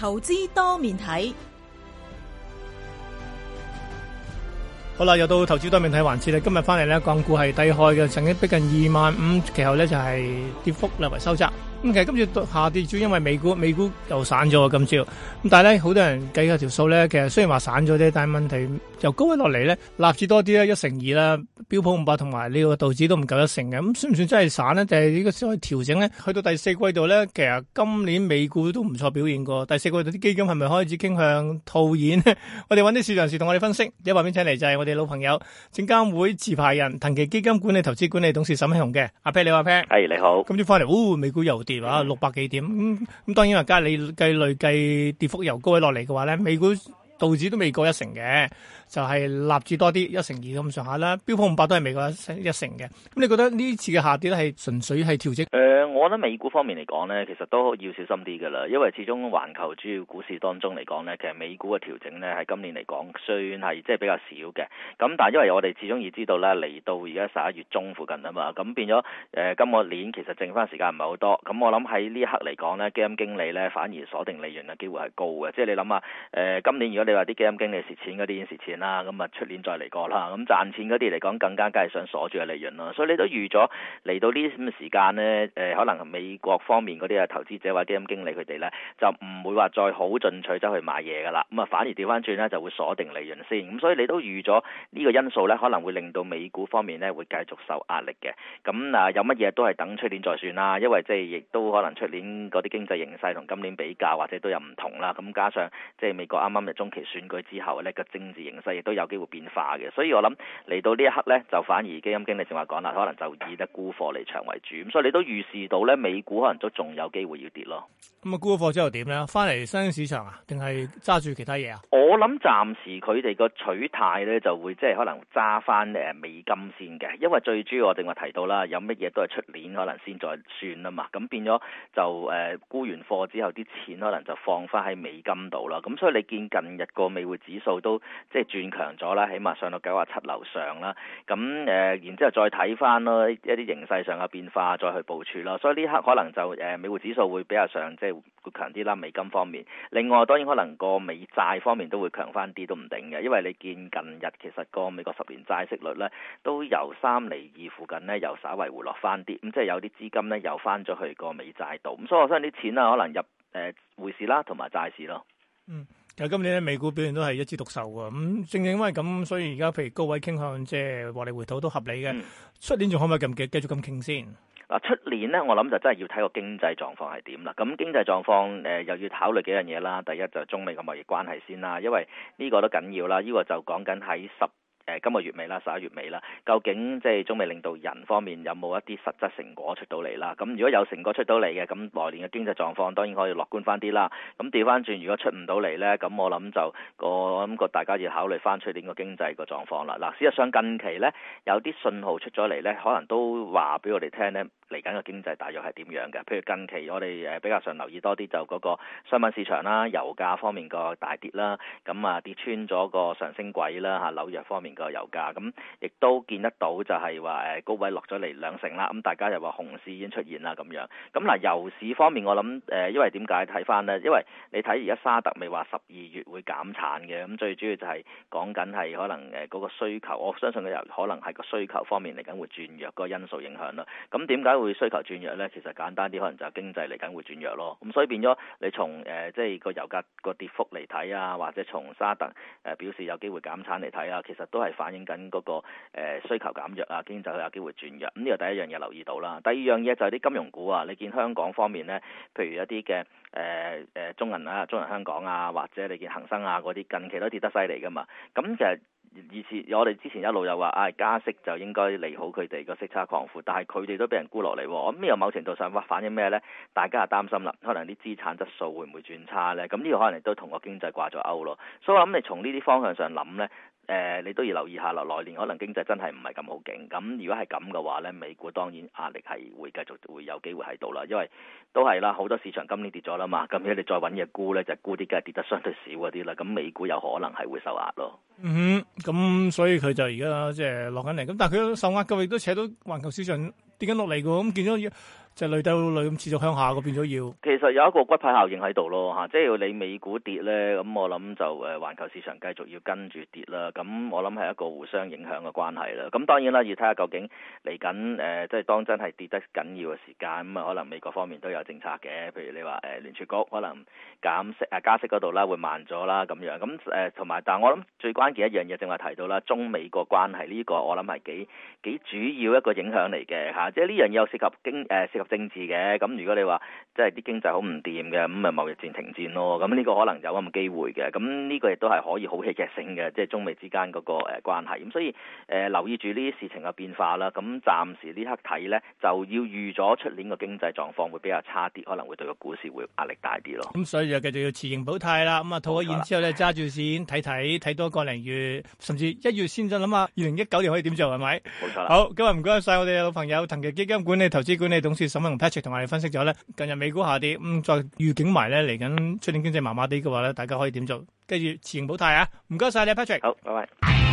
投資多面睇，好啦，又到投資多面睇環節啦。今日翻嚟咧，港股係低開嘅，曾經逼近二萬五，其後咧就係跌幅略為收窄。咁、嗯、其實今次下跌主要因為美股，美股又散咗，今朝咁，但係咧，好多人計下條數咧，其實雖然話散咗啫，但係問題由高位落嚟咧，納指多啲啦，一成二啦，標普五百同埋呢個道指都唔夠一成嘅，咁算唔算真係散咧？就係呢個所謂調整咧？去到第四季度咧，其實今年美股都唔錯表現過。第四季度啲基金係咪開始傾向套現呢？我哋揾啲市場士同我哋分析。喺旁邊請嚟就係我哋老朋友，證監會持牌人、騰祺基金管理投資管理董事沈慶洪嘅。阿 Peter，你好。係、hey, 你好。今朝翻嚟，嗚、哦，美股又。六百幾點咁，咁、嗯嗯嗯、當然啊，梗係你計累計跌幅由高位落嚟嘅話咧，美股。道指都未過一成嘅，就係納指多啲一,一成二咁上下啦。標普五百都係未過一成嘅。咁你覺得呢次嘅下跌咧係純粹係調整？誒、呃，我覺得美股方面嚟講咧，其實都要小心啲噶啦，因為始終環球主要股市當中嚟講咧，其實美股嘅調整咧喺今年嚟講雖然係即係比較少嘅。咁但係因為我哋始終已知道咧，嚟到而家十一月中附近啊嘛，咁變咗、呃、今個年其實剩翻時間唔係好多。咁我諗喺呢刻嚟講咧，基金經理咧反而鎖定利潤嘅機會係高嘅。即、就、係、是、你諗啊、呃，今年如果你話啲基金經理蝕錢嗰啲已經蝕錢啦，咁啊出年再嚟過啦。咁賺錢嗰啲嚟講，更加梗係想鎖住個利潤咯。所以你都預咗嚟到呢啲咁嘅時間咧，誒、呃、可能美國方面嗰啲啊投資者或者基金經理佢哋咧，就唔會話再好進取走去買嘢㗎啦。咁啊反而調翻轉咧就會鎖定利潤先。咁所以你都預咗呢個因素咧，可能會令到美股方面咧會繼續受壓力嘅。咁啊有乜嘢都係等出年再算啦，因為即係亦都可能出年嗰啲經濟形勢同今年比較或者都有唔同啦。咁加上即係美國啱啱嘅中期選舉之後呢個政治形勢亦都有機會變化嘅，所以我諗嚟到呢一刻呢，就反而基金經理正話講啦，可能就以得沽貨離場為主。咁所以你都預視到呢，美股可能都仲有機會要跌咯。咁啊，沽咗貨之後點呢？翻嚟新興市場啊，定係揸住其他嘢啊？我諗暫時佢哋個取態呢，就會即係可能揸翻誒美金先嘅，因為最主要我正話提到啦，有乜嘢都係出年可能先再算啊嘛。咁變咗就誒沽完貨之後，啲錢可能就放翻喺美金度啦。咁所以你見近日。個美匯指數都即係轉強咗啦，起碼上到九十七樓上啦。咁誒、呃，然之後再睇翻咯，一啲形勢上嘅變化，再去部署咯。所以呢刻可能就誒美匯指數會比較上即係會強啲啦，美金方面。另外當然可能個美債方面都會強翻啲都唔定嘅，因為你見近日其實個美國十年債息率咧都由三厘二附近咧又稍為回落翻啲，咁即係有啲資金咧又翻咗去個美債度。咁所以我相信啲錢啦可能入誒匯、呃、市啦同埋債市咯。嗯。今年咧，美股表現都係一枝獨秀喎。咁正正因為咁，所以而家譬如高位傾向，即係獲利回吐都合理嘅。出、嗯、年仲可唔可以咁繼繼續咁傾先？嗱，出年咧，我諗就真係要睇個經濟狀況係點啦。咁經濟狀況誒，又要考慮幾樣嘢啦。第一就係中美嘅貿易關係先啦，因為呢個都緊要啦。呢、呢個就講緊喺十。誒今個月尾啦，十一月尾啦，究竟即係中美領導人方面有冇一啲實質成果出到嚟啦？咁如果有成果出到嚟嘅，咁來年嘅經濟狀況當然可以樂觀翻啲啦。咁調翻轉，如果出唔到嚟呢，咁我諗就我諗個大家要考慮翻出年個經濟個狀況啦。嗱，事實上近期呢，有啲信號出咗嚟呢，可能都話俾我哋聽呢。嚟緊嘅經濟大約係點樣嘅？譬如近期我哋誒比較上留意多啲，就嗰個商品市場啦、油價方面個大跌啦，咁啊跌穿咗個上升軌啦嚇，紐約方面個油價，咁亦都見得到就係話誒高位落咗嚟兩成啦，咁大家又話熊市已經出現啦咁樣。咁嗱油市方面我諗誒因為點解睇翻呢？因為你睇而家沙特未話十二月會減產嘅，咁最主要就係講緊係可能誒嗰個需求，我相信嘅油可能係個需求方面嚟緊會轉弱嗰個因素影響咯。咁點解？會需求轉弱咧，其實簡單啲可能就係經濟嚟緊會轉弱咯。咁所以變咗你從誒、呃、即係個油價個跌幅嚟睇啊，或者從沙特誒、呃呃、表示有機會減產嚟睇啊，其實都係反映緊嗰、那個、呃、需求減弱啊，經濟有機會轉弱。咁呢個第一樣嘢留意到啦。第二樣嘢就係啲金融股啊，你見香港方面咧，譬如一啲嘅誒誒中銀啊、中銀香港啊，或者你見恒生啊嗰啲近期都跌得犀利噶嘛。咁、嗯、誒。其實以前我哋之前一路又話，哎加息就應該利好佢哋個息差擴闊，但係佢哋都俾人沽落嚟，咁呢個某程度上，反映咩呢？大家就擔心啦，可能啲資產質素會唔會轉差呢？咁呢個可能都同個經濟掛咗鈎咯，所以我諗你從呢啲方向上諗呢。誒、呃，你都要留意下咯，來年可能經濟真係唔係咁好勁。咁如果係咁嘅話咧，美股當然壓力係會繼續會有機會喺度啦，因為都係啦，好多市場今年跌咗啦嘛。咁如果你再揾嘢沽咧，就沽啲梗係跌得相對少嗰啲啦。咁美股有可能係會受壓咯。嗯，咁、嗯、所以佢就而家即係落緊嚟。咁、就是、但係佢受壓嘅，亦都扯到環球市場跌緊落嚟噶。咁、嗯、見咗。即係累到累咁，類類持續向下，個變咗要。其實有一個骨牌效應喺度咯嚇，即係你美股跌咧，咁、嗯、我諗就誒，環球市場繼續要跟住跌啦。咁、嗯、我諗係一個互相影響嘅關係啦。咁、嗯、當然啦，要睇下究竟嚟緊、呃、即係當真係跌得緊要嘅時間，咁、嗯、啊，可能美國方面都有政策嘅，譬如你話誒、呃、聯儲局可能減息、呃、加息嗰度啦，會慢咗啦咁樣。咁同埋，但我諗最關鍵一樣嘢，正話提到啦，中美個關係呢、這個，我諗係幾幾主要一個影響嚟嘅、啊、即係呢樣嘢又涉及經、呃政治嘅，咁如果你話即係啲經濟好唔掂嘅，咁咪貿易戰停戰咯，咁呢個可能有咁嘅機會嘅，咁呢個亦都係可以好戲劇性嘅，即係中美之間嗰個誒關係，咁所以誒、呃、留意住呢啲事情嘅變化啦，咁暫時呢刻睇呢，就要預咗出年個經濟狀況會比較差啲，可能會對個股市會壓力大啲咯。咁所以就繼續要持盈保泰啦，咁啊套咗現之後呢，揸住綫睇睇，睇多個零月，甚至一月先再諗下二零一九年可以點做係咪？冇錯。錯啦好，今日唔該晒我哋嘅老朋友，騰祺基金管理投資管理董事。沈文同 Patrick 同我哋分析咗咧，近日美股下跌，嗯、再預警埋咧，嚟緊出年經濟麻麻哋嘅話咧，大家可以點做？跟住持盈保泰啊！唔該晒你，Patrick。好，拜拜。